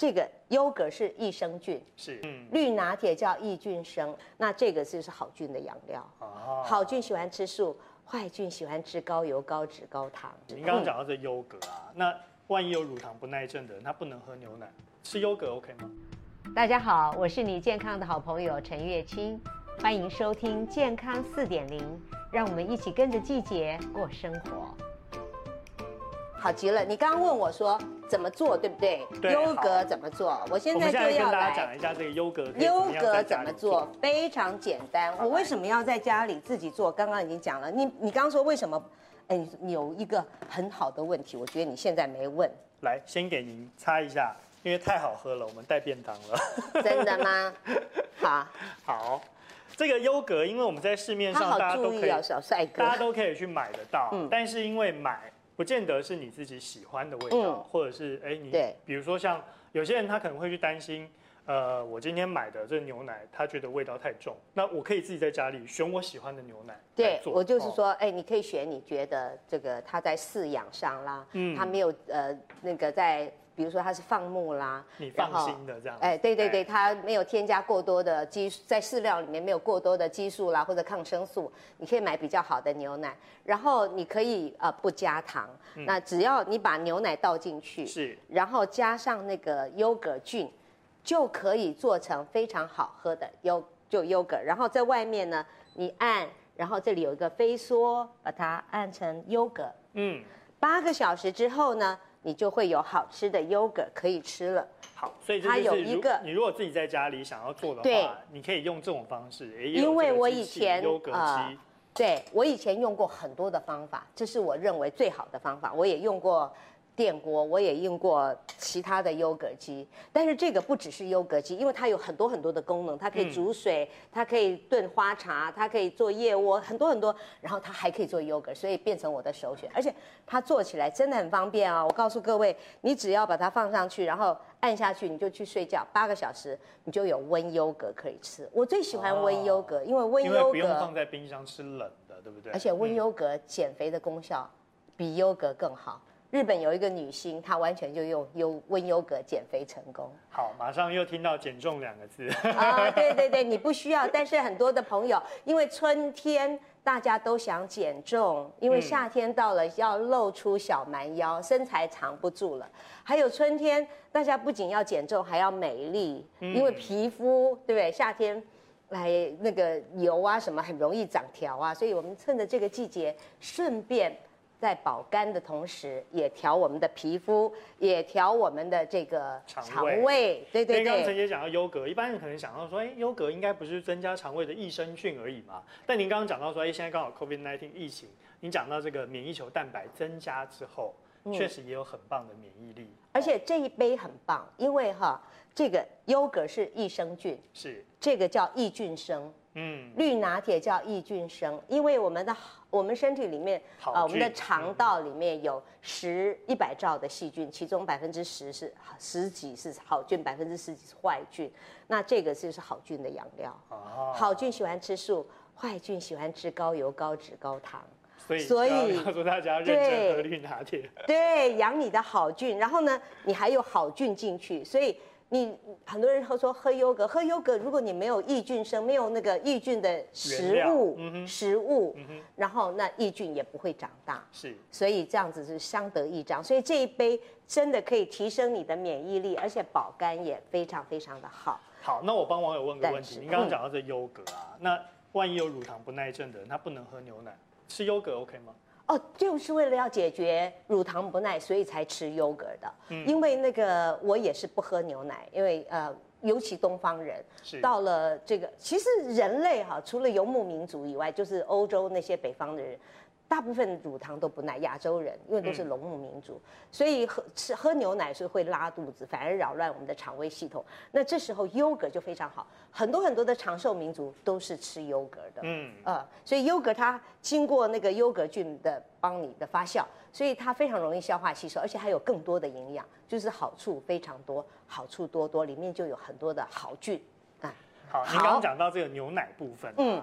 這個優格是益生菌，是，嗯，綠拿鐵叫益菌生，那這個就是好菌的養料。哦、啊哈，好菌喜歡吃素，壞菌喜歡吃高油、高脂、高糖。您剛剛講到這優格啊，那萬一有乳糖不耐症的人，他不能喝牛奶，吃優格 OK 嗎？大家好，我是你健康的好朋友陳月卿，歡迎收聽健康4.0，讓我們一起跟着季節過生活。好極了，你剛剛問我說。怎麼做對不對？優格怎麼做？我現在，我現在就要跟大家講一下這個優格。優格怎麼做？非常簡單。好，我為什麼要在家裡自己做？剛剛已經講了。你你剛剛說為什麼？哎，你有一個很好的問題，我覺得你現在沒問。來，先給您擦一下，因為太好喝了，我們帶便當了。真的嗎？好啊。好，這個優格，因為我們在市面上、啊、大家都可以，小帥哥大家都可以去買得到。嗯。但是因為買。不見得是你自己喜歡的味道，嗯、或者是哎、欸，你比如說像有些人他可能會去擔心，對呃，我今天買的這牛奶，他覺得味道太重，那我可以自己在家裡選我喜歡的牛奶。對，我就是說，哎、哦欸，你可以選你覺得這個他在飼養上啦，他、嗯、沒有呃那個在。比如說它是放牧啦，你放心的這樣。哎，對對對，它對沒有添加過多的激素，在飼料裡面沒有過多的激素啦，或者抗生素。你可以買比較好的牛奶，然後你可以呃不加糖。嗯、那只要你把牛奶倒進去，是，然後加上那個優格菌，就可以做成非常好喝的優就優格。然後在外面呢，你按，然後這裡有一個飛梭，把它按成優格。嗯，八個小時之後呢？你就會有好吃的 yogurt 可以吃了。好，所以這就是如你如果自己在家裡想要做的話，對你可以用這種方式。因為我以前啊、呃，對我以前用過很多的方法，這是我認為最好的方法。我也用過。電鍋我也用過其他的優格機，但是這個不只是優格機，因為它有很多很多的功能，它可以煮水，它可以燉花茶，它可以做燕窩，很多很多，然後它還可以做優格，所以變成我的首選。而且它做起來真的很方便啊、哦！我告訴各位，你只要把它放上去，然後按下去，你就去睡覺，八個小時你就有溫優格可以吃。我最喜歡溫優格，哦、因為溫優格因為不用放在冰箱吃冷的，對不對？而且溫優格減肥的功效比優格更好。日本有一個女星，她完全就用優溫，溫優格減肥成功。好，馬上又聽到減重兩個字。哦，對對對，你不需要，但是很多的朋友，因為春天大家都想減重，因為夏天到了要露出小蠻腰，身材藏不住了。還有春天大家不僅要減重，還要美麗，因為皮膚對不對？夏天來那個油啊什麼很容易長條啊，所以我們趁着這個季節順便。在保肝的同時，也調我們的皮膚，也調我們的這個腸胃，腸胃，對對對。剛才也講到優格，一般人可能想到說，哎，優格應該不是增加腸胃的益生菌而已嘛？但您剛剛講到說，哎，現在剛好 COVID-19 疫情，您講到這個免疫球蛋白增加之後，嗯，確實也有很棒的免疫力。而且這一杯很棒，因為哈，這個優格是益生菌，是這個叫益菌生。嗯，綠拿鐵叫益菌生，因為我們的我們身體裡面啊菌、呃，我們的腸道裡面有十一百兆的細菌，其中百分之十是十幾是好菌，百分之十幾是壞菌。那這個就是好菌的養料，好菌喜歡吃素，壞菌喜歡吃高油高脂高糖。所以告訴大家，認真喝綠拿鐵，對，對養你的好菌。然後呢，你還有好菌進去，所以。你很多人喝說喝優格，喝優格，如果你沒有益菌生，沒有那個益菌的食物、嗯、食物，嗯、哼然後那益菌也不會長大，是，所以這樣子是相得益彰，所以這一杯真的可以提升你的免疫力，而且保肝也非常非常的好好。那我幫網友問個問題，是你剛剛講到這優格啊，那萬一有乳糖不耐症的人，他不能喝牛奶，吃優格 OK 嗎？哦，就是為了要解決乳糖不耐，所以才吃優格的。嗯。因為那個我也是不喝牛奶，因為呃，尤其東方人，是到了這個其實人類哈，除了游牧民族以外，就是歐洲那些北方的人。大部分乳糖都不耐，亞洲人，因為都是農牧民族，嗯、所以喝吃喝牛奶是會拉肚子，反而擾亂我們的腸胃系統。那這時候優格就非常好，很多很多的長壽民族都是吃優格的，嗯呃，所以優格它經過那個優格菌的幫你的發酵，所以它非常容易消化吸收，而且還有更多的營養，就是好處非常多，好處多多，裡面就有很多的好菌，啊、呃。好，您剛剛講到這個牛奶部分，嗯。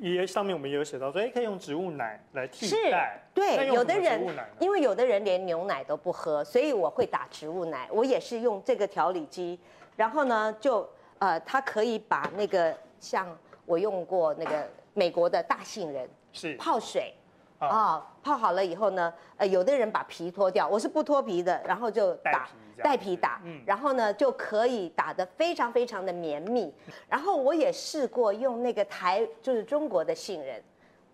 也上面我們也有寫到，所以可以用植物奶來替代。對，有的人因為有的人連牛奶都不喝，所以我會打植物奶。我也是用這個調理機，然後呢，就呃，它可以把那個像我用過那個美國的大杏仁是泡水啊，泡好了以後呢，呃，有的人把皮脫掉，我是不脫皮的，然後就打。帶皮打，然後呢、嗯、就可以打得非常非常的綿密。然後我也試過用那個台，就是中國的杏仁，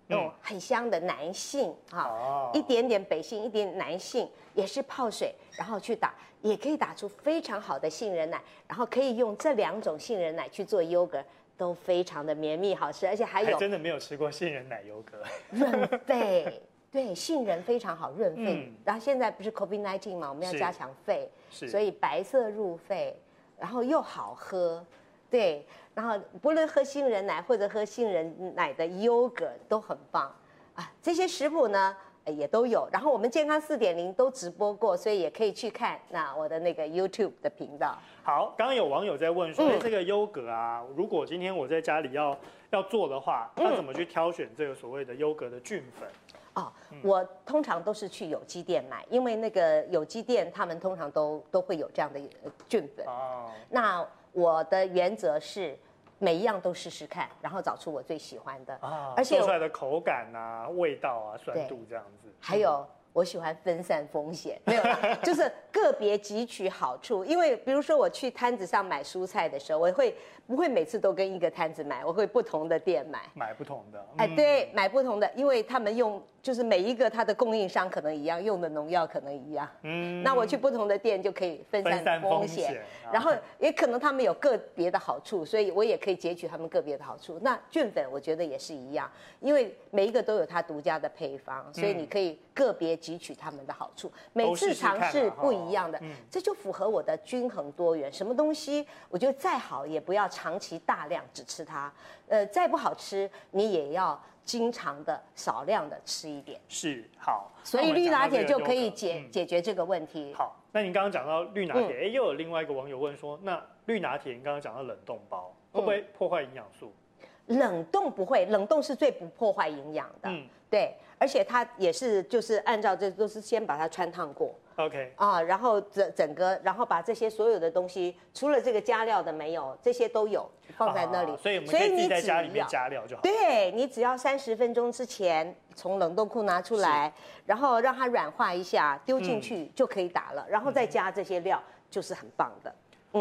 那種 No.、嗯、很香的南杏，哈，oh. 一點點北杏，一點南杏，也是泡水，然後去打，也可以打出非常好的杏仁奶。然後可以用這兩種杏仁奶去做優格，都非常的綿密好吃，而且還有還真的沒有吃過杏仁奶優格，潤肺費 對，杏仁非常好潤肺。嗯、然後現在不是 COVID-19 嘛，我們要加強肺，所以白色入肺，然後又好喝。對，然後不論喝杏仁奶或者喝杏仁奶的優格都很棒，啊、這些食譜呢也都有。然後我們健康四點零都直播過，所以也可以去看那我的那個 YouTube 的頻道。好，剛剛有網友在問說，嗯、這個優格啊，如果今天我在家裡要要做的話，那怎麼去挑選這個所謂的優格的菌粉？哦，嗯、我通常都是去有機店買，因為那個有機店他們通常都都會有這樣的菌粉。哦，那我的原則是每一樣都試試看，然後找出我最喜歡的。啊、哦，而且做出來的口感啊、味道啊、酸度這樣子。對嗯、還有，我喜歡分散風險， 沒有，就是個別汲取好處。因為比如說我去攤子上買蔬菜的時候，我會不會每次都跟一個攤子買？我會不同的店買，買不同的。嗯、哎，對，買不同的，因為他們用。就是每一個它的供應商可能一樣，用的農藥可能一樣。嗯，那我去不同的店就可以分散風險，風險然後也可能他們有個別的好處，Okay. 所以我也可以截取他們個別的好處。那菌粉我覺得也是一樣，因為每一個都有它獨家的配方，嗯、所以你可以個別汲取它們的好處。嗯、每次嘗試不一樣的，試試哦、這就符合我的均衡多元。嗯、什麼東西我覺得再好也不要長期大量只吃它，呃，再不好吃你也要。經常的少量的吃一點是好，所以綠拿鐵就可以解、嗯、解決這個問題。好，那你剛剛講到綠拿鐵，哎，又有另外一個網友問說，那綠拿鐵，你剛剛講到冷凍包，會不會破壞營養素？嗯冷凍不會，冷凍是最不破壞營養的，嗯、對，而且它也是就是按照這都是先把它汆燙過，OK，啊，然後整整個，然後把這些所有的東西，除了這個加料的沒有，這些都有放在那裡，啊、所以，以所以你只要在家裡面加料就好，對，你只要三十分鐘之前從冷凍庫拿出來，是然後讓它軟化一下，丟進去就可以打了，嗯、然後再加這些料就是很棒的。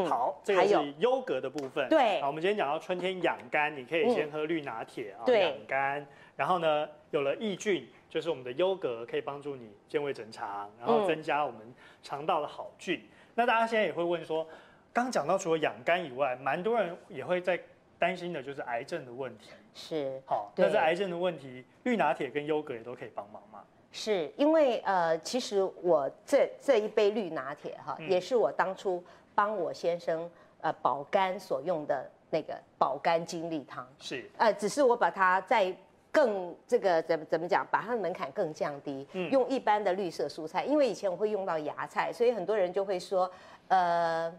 好，嗯、這個是優格的部分。對，好，我們今天講到春天養肝，你可以先喝綠拿鐵啊，嗯、養肝。對然後呢，有了益菌，就是我們的優格，可以幫助你健胃整腸，然後增加我們腸道的好菌。嗯、那大家現在也會問說，剛，剛講到除了養肝以外，蠻多人也會在擔心的就是癌症的問題。是，好，那在對癌症的問題，綠拿鐵跟優格也都可以幫忙嗎？是因為，呃，其實我這這一杯綠拿鐵哈，嗯、也是我當初幫我先生呃保肝所用的那個保肝精力湯。是，呃，只是我把它再更這個怎麼怎麼講，把它的門檻更降低，嗯、用一般的綠色蔬菜，因為以前我會用到芽菜，所以很多人就會說呃。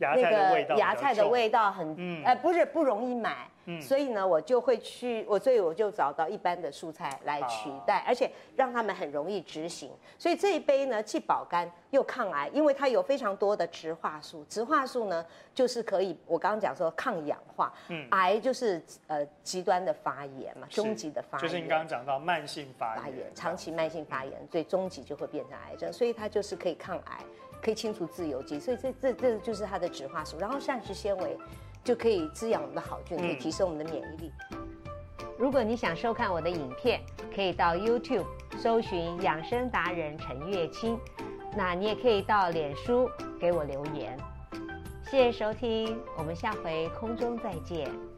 那個芽菜的味道很，嗯嗯呃，呃，不是不容易買，嗯、所以呢，我就會去，我所以我就找到一般的蔬菜來取代，啊、而且讓他們很容易執行。所以這一杯呢，既保肝又抗癌，因為它有非常多的植化素。植化素呢，就是可以，我剛剛講說抗氧化，嗯、癌就是呃極端的發炎嘛，終極是的發炎，就是你剛剛講到慢性發炎，發炎，長期慢性發炎，最終極就會變成癌症，嗯、所以它就是可以抗癌。可以清除自由基，所以這這這就是它的植化素。然後膳食纖維就可以滋養我們的好菌，可以提升我們的免疫力。嗯、如果你想收看我的影片，可以到 YouTube 搜尋“養生達人陳月卿”，那你也可以到臉書給我留言。謝謝收聽，我們下回空中再見。